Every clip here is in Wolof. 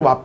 哇。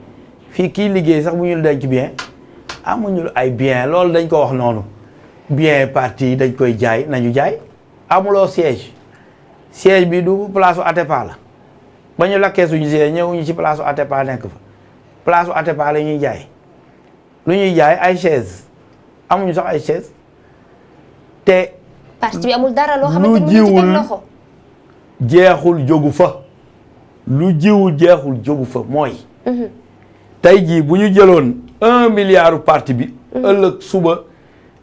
fii kii liggéey sax bu ñu denc bien amuñu ay bien loolu dañ koo wax noonu bien parti yi dañ koy jaay nañu jaay amuloo siège siège bi du place u Atepa la ba ñu lakkee suñu siège ñëwuñu ci place u Atepa nekk fa place u Atepa la ñuy jaay lu ñuy jaay ay chaise amuñu sax ay chaise te parti bi amul dara loo xamante ni lu jeexul jógu fa lu jiwul jeexul jógu fa mooy mhm. tey jii bu ñu jëloon un milliard parti bi. Mm-hmm. ëllëg suba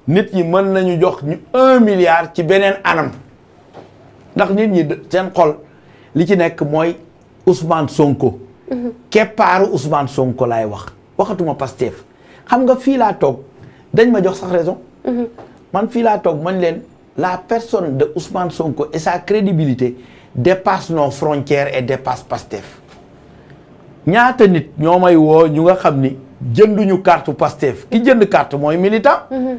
nit ñi mën nañu jox ñu un milliard ci beneen anam ndax nit ñi seen xol li ci nekk mooy Ousmane Sonko. Mm-hmm. keppaaru Ousmane Sonko laay wax waxatuma Pastef xam nga fii laa toog dañ ma jox sax raison. Mm-hmm. man fii laa toog man leen la personne de Ousmane Sonko et sa crédibilité dépasse nos frontières et dépasse Pastef. ñaata nit ñoo may woo ñu nga xam ni jënduñu carte Pastef ki jënd carte mooy militant. Mm-hmm.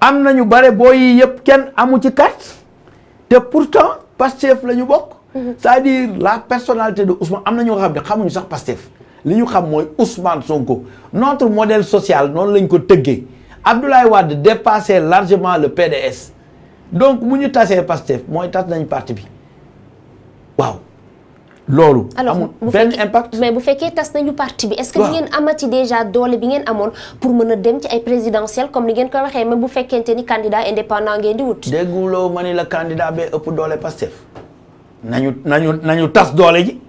am ñu bare boo yi yëpp kenn amu ci carte te pourtant Pastef la ñu bokk. Mm-hmm. c'est-à-dire la personnalité de Ousmane am na ñu nga xam ne xamuñu sax Pastef li ñu xam mooy Ousmane Sonko notre modèle social noonu lañ ko tëggee Abdoulaye Wade dépassait largement le PDS donc mu ñu tasee Pastef mooy tas nañ parti bi waaw. loolu. amul benn impact mais bu fekké tas nañu parti bi. est-ce que di ngeen amati déjà doole bi ngeen amone pour mëna dem ci ay présidentiel comme ni ngeen ko waxé mais bu fekkente ni candidat indépendant ngeen di wut. déggulo mané la candidat bé ëpp doole Pastef nañu nañu nañu tas doole ji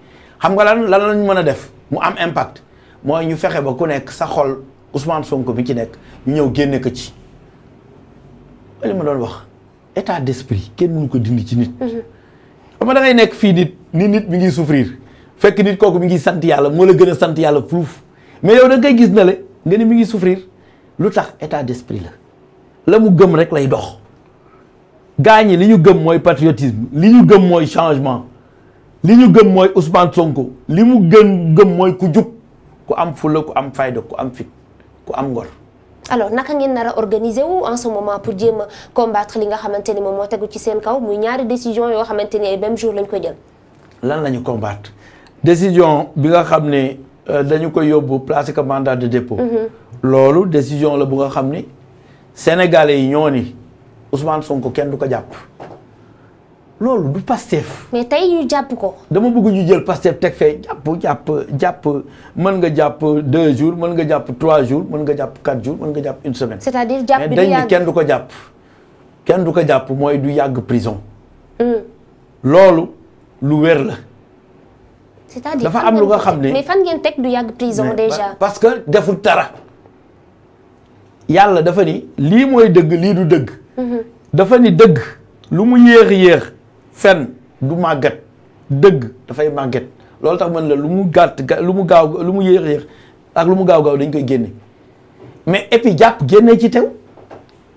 xam nga lan lan lañ mëna def mu am impact moy ñu fexé ba ku nekk sa xol Ousmane Sonko bi ci nekk ñu ñëw génné ko ci li ma doon wax état d'esprit kenn mënu ko dindi ci nit. Mhm. xam nga da ngay nekk fii nit ni nit mi ngi souffrir fekk nit koku mi ngi sante yalla mo la gëna sante yalla fouf mais yow da ngay gis na le nga ni mi ngi souffrir lu tax état d'esprit la la mu gëm rek lay dox gaa li ñu gëm moy patriotisme li ñu gëm moy changement li ñu gëm moy Ousmane Sonko li mu gën gëm moy ku juk ku am fulu ku am fayda ku am fit ku am ngor alors naka ngeen nar organiser wu en ce moment pour jéem combattre li nga xamanteni ni moom moo ci seen kaw muy ñaari décision yo xamanteni même jour lañ koy jël lan lañu combattre décision bi nga xamné euh, dañu koy yobbu placer ko mandat de dépôt. Mhm. lolu décision la bu nga xamné sénégalais ñoni Ousmane Sonko kenn du ko jàpp. loolu du Pastef. mais tay ñu japp ko. dama bëgg ñu jël Pastef tek fe japp japp japp mën nga japp 2 jours mën nga japp 3 jours mën nga japp 4 jours mën nga japp une semaine. c'est-à-dire japp bi du yàgg kenn du ko jàpp. kenn du ko jàpp mooy du yàgg prison. Mm. lolu lu wér la. c'est-à-dire dafa am lu nga xam ne mais fan ngeen teg du yàgg prison déjà. parce que deful tara. Yalla dafa ni li moy deug li du deug hmm dafa ni deug lu mu yex yex fen du magat deug da fay màggat lolou tax man la lu mu gàtt lu mu gaaw lu mu yex yex ak lu mu gaaw gaaw dañ koy génne mais et puis japp génne ci tew.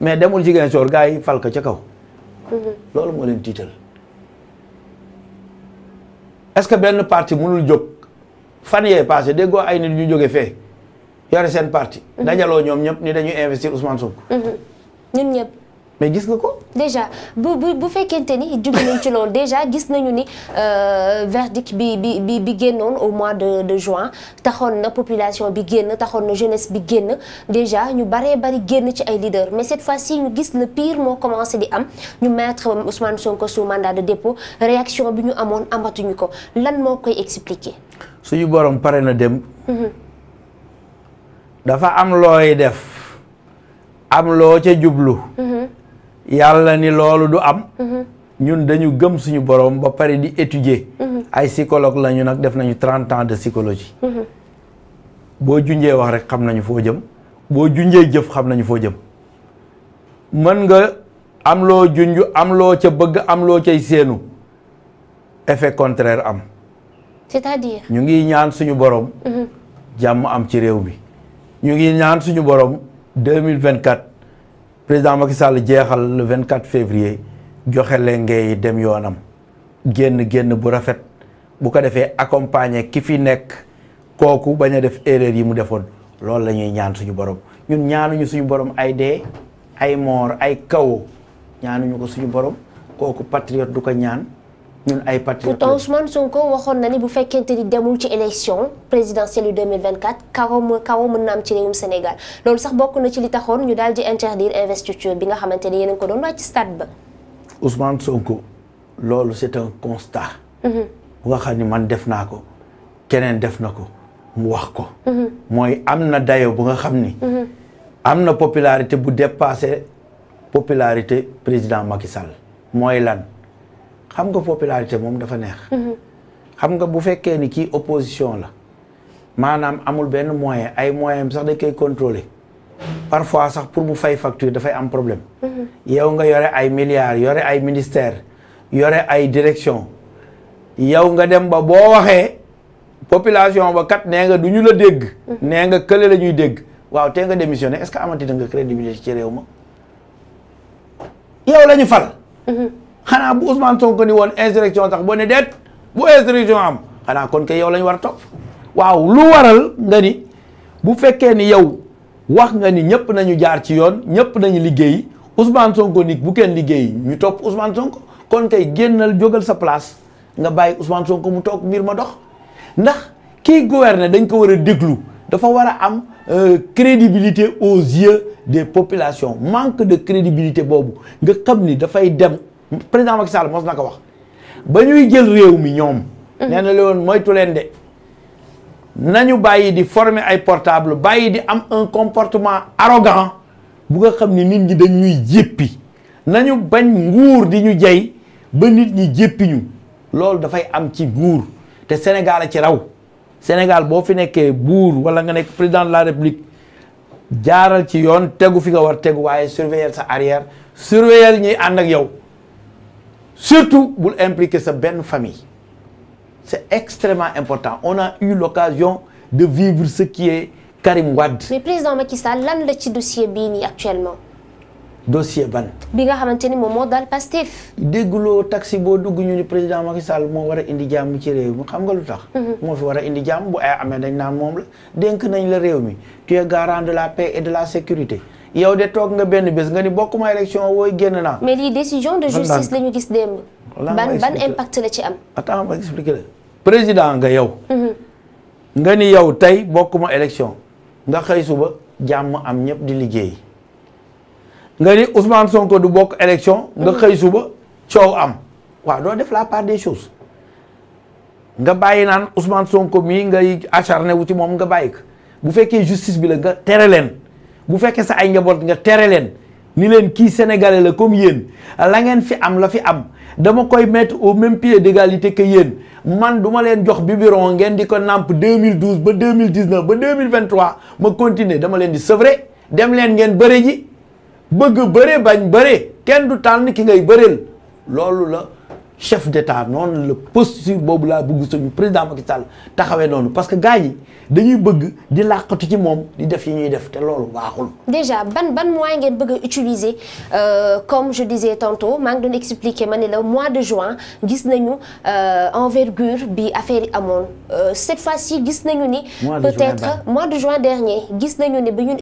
mais demul jigéen soor gars yi fal ko ca kaw. Mhm. loolu moo leen tiital. est-ce que benn parti mënul jóg fan yee passé déggoo ay nit ñu jóge fee yore seen parti. Mhm. dajaloo ñoom ñëpp ni dañuy investir Ousmane Sonko. Mhm. ñun ñëpp. mais gis nga ko. déjà bu bu bu ni jug ci lool déjà gis nañu ni euh, verdict bi bi bi bi au mois de de juin taxone na population bi génn taxone na jeunesse bi génn déjà ñu baree bari génn ci ay leader mais cette fois-ci ñu gis le pire mo commencé di am ñu mettre Ousmane Sonko sous mandat de dépôt réaction bi ñu amoon amatuñu ko lan mo koy expliquer. suñu borom paré na dem. Mhm. dafa am looy def am loo ca jublu. Mhm. yàlla ni loolu du am mhm. ñun dañu gëm suñu borom ba pare di étudier mhm. ay psychologue la ñu nag def nañu trente ans de psychologie mhm. boo junjee wax rek xam nañu foo jëm boo junjee jëf xam nañu foo jëm mën nga am loo junj am loo ca bëgg am loo cay séenu effet contraire am cest ñu ngi ñaan suñu borom jàmm am ci réew bi ñu ngi ñaan suñu borom deux mille vingt-quatre président Macky Sall jeexal vingt quatre février joxe leen ngay dem yoonam génn génn bu rafet bu ko defee accompagner ki fi nekk kooku bañ a def erreur yi mu defoon loolu la ñuy ñaan suñu borom ñun ñaanuñu suñu borom ay dee ay moor ay kaw ñaanuñu ko suñu borom kooku patriote du ko ñaan. ñun ay patriotes pourtant Ousmane Sonko waxoon ni bu fekkente ni demul ci élection présidentielle yu 2024 kaw ma kaw mën na am ci réewum Sénégal loolu sax bokk na ci li taxoon ñu daal di interdire investiture bi nga xamante ni yéen a ko doon wàcc ci stade ba. Ousmane Sonko loolu c'est un constat. Mhm. nga xam ni man def naa ko keneen def na ko mu wax ko. Mhm. mooy am na dayo bu nga xam ni. Mhm. am popularité bu dépassé popularité président Macky Sall mooy lan. xam nga popularité moom dafa neex. Mhm. xam nga bu fekkee ni kii opposition la maanaam amul benn moyen ay moyen sax dañ koy contrôler parfois sax pour mu fay facture dafay am problème. Mhm. yow nga yore ay milliards yore ay ministères yore ay direction yow nga dem ba boo waxee population ba kat nee nga du ñu la dégg. Mhm. nee nga kële la ñuy dégg. waaw tee nga démissionné est-ce que amati na nga crédibilité ci réew ma yow la ñu fal. xanaa bu Ousmane Sonko ni woon insurrection sax boo ne deet bu insurrection am xanaa kon kay yow lañu war a topp waaw lu waral nga ni bu fekkee ni yow wax nga ni ñëpp nañu jaar ci yoon ñëpp nañu liggéey Ousmane Sonko ni bu kenn liggéey ñu topp Ousmane kon kay génnal jógal sa place nga bàyyi Ousmane Sonko mu toog mbir ma dox ndax kii gouverne dañ ko war a déglu dafa war a am euh, crédibilité aux yeux des population manque de crédibilité boobu nga xam ni dafay dem président ma Sall mos na ko wax ba ñuy jël réew mi ñoom. Mm-hmm. nee na woon moytu leen de nañu bàyyi di former ay portable bàyyi di am un comportement arrogant bu nga xam ni nit ñi dañ ñuy jéppi nañu bañ nguur di ñu jey ba nit ñi jéppi ñu loolu dafay am ci nguur te Sénégal a ci raw Sénégal boo fi nekkee buur wala nga nekk président de la République jaaral ci yoon tegu fi nga war tegu waaye surveiller sa arrière surveiller ñuy ànd ak yow. surtout vous impliquer sa belle famille c'est extrêmement important on a eu l'occasion de vivre ce qui est Karim Wade. mais président Macky Sall lan la ci dossier bii actuellement. dossier ban. bi nga xamante ni moom moo daal taxi bo dugg ñu ni président Macky Sall mo wara a indi jàmm ci rew mi xam nga lutax mo mhm. fi wara a indi jàmm bu ay amé dañ naan mom la denk nañ la rew mi tu es garant de la paix et de la sécurité. yow de toog nga benn bés nga ni bokkuma élection wooy génn naa. mais lii décision de justice la ñu gis démb. ban ban impact la ci am. attends ma expliquer la président nga yow. Mhm. nga ni yow tey bokkuma élection nga xëy suba jàmm am ñëpp di liggéey nga ni Ousmane Sonko du bokk élection. nga mhm. xëy suba coow am. waaw doo def la des choses nga bàyyi naan Ousmane Sonko mii ngay acharné wu ci moom nga bàyyi ko bu fekkee justice bi la nga tere leen. bu fekkee sa ay njaboot nga tere leen ni leen kii sénégalais la comme yéen la ngeen fi am la fi am dama koy mettre au même pied d'égalité que yéen man du ma leen jox biberon ngeen di ko 2012 ba 2019 ba 2023 ma continuer dama leen di sevré dem leen ngeen bëre ji bëgg bëre bañ bëre kenn du tànn ki ngay bëreel loolu la chef d'état non le posture boobu bëgg suñu président Macky Sall taxawee parce que gars yi dañuy bëgg di làqatu ci moom di def yi ñuy def te loolu baaxul. déjà ban ban moyen ngeen bëgg a utiliser euh, comme je disais tantôt maa ngi doon expliquer ma ne mois de juin gis nañu euh, envergure bi affaire yi amoon euh, cette fois-ci gis nañu ni. peut-être mois de juin dernier gis nañu ni bi